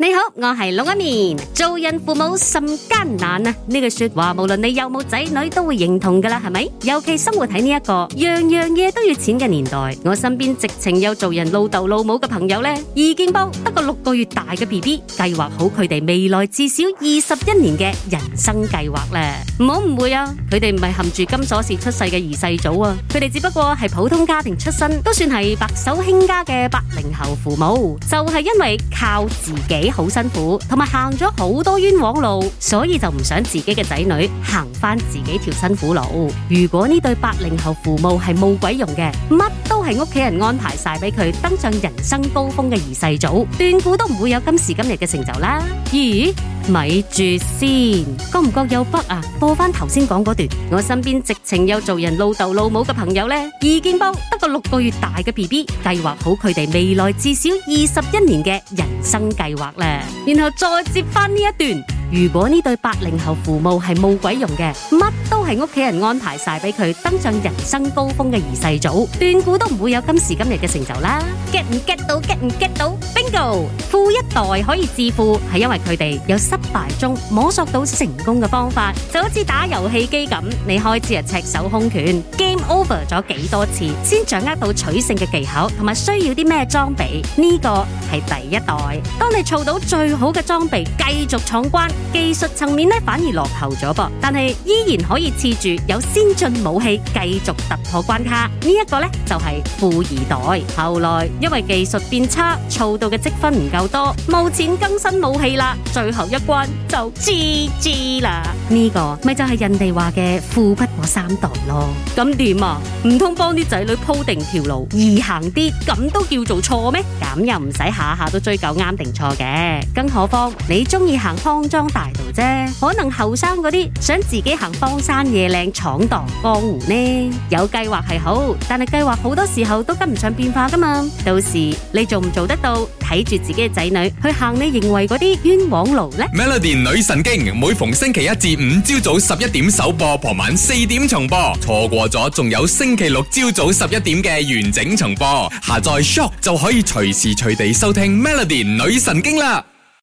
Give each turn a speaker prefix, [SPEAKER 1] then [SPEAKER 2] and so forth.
[SPEAKER 1] 你好，我係龍紋敏。做人父母甚艱難啊！呢句說話，無論你有冇仔女都會認同噶啦，係咪？尤其生活喺呢一個樣樣嘢都要錢嘅年代，我身邊直情有做人老豆老母嘅朋友呢，已經抱得個六個月大嘅 BB，計劃好佢哋未來至少二十一年嘅人生計劃呢。唔好誤會啊，佢哋唔係含住金鎖匙出世嘅二世祖啊，佢哋只不過係普通家庭出身，都算係白手興家嘅八零後父母，就係因為靠自己。好辛苦，同埋行咗好多冤枉路，所以就唔想自己嘅仔女行翻自己條辛苦路。如果呢對八零後父母係冇鬼用嘅，乜都，係屋企人安排晒俾佢登上人生高峰嘅二世祖，斷估都唔會有今時今日嘅成就啦。咦，咪住先，覺唔覺有 bug 啊？播翻頭先講嗰段，我身邊直情有做人老豆老母嘅朋友呢，意見幫得個六個月大嘅 BB，計劃好佢哋未來至少二十一年嘅人生計劃啦，然後再接翻呢一段。如果呢對八零後父母係冇鬼用嘅，乜都係屋企人安排晒俾佢登上人生高峰嘅二世祖，斷估都唔會有今時今日嘅成就啦。get 唔 get 到？get 唔 get 到？Bingo！富一代可以致富，係因為佢哋有失敗中摸索到成功嘅方法，就好似打遊戲機咁，你開始赤手空拳，game over 咗幾多次，先掌握到取勝嘅技巧，同埋需要啲咩裝備？呢個係第一代。當你做到最好嘅裝備，繼續闖關。技術層面咧，反而落後咗噃，但係依然可以持住有先進武器繼續突破關卡。這個、呢一個咧就係、是、富二代。後來因為技術變差，儲到嘅積分唔夠多，冇錢更新武器啦。最後一關就 GG 啦。呢、這個咪就係、是、人哋話嘅富不過三代咯。咁點啊？唔通幫啲仔女鋪定條路易行啲咁都叫做錯咩？咁又唔使下下都追究啱定錯嘅。更何況，你中意行康莊？大道啫，可能後生嗰啲想自己行荒山野嶺闖蕩江湖呢？有計劃係好，但係計劃好多時候都跟唔上變化噶嘛。到時你做唔做得到，睇住自己嘅仔女去行你認為嗰啲冤枉路呢。Melody 女神經每逢星期一至五朝早十一點首播，傍晚四點重播，錯過咗仲有星期六朝早十一點嘅完整重播。下載 Shock 就可以隨時隨地收聽 Melody 女神經啦。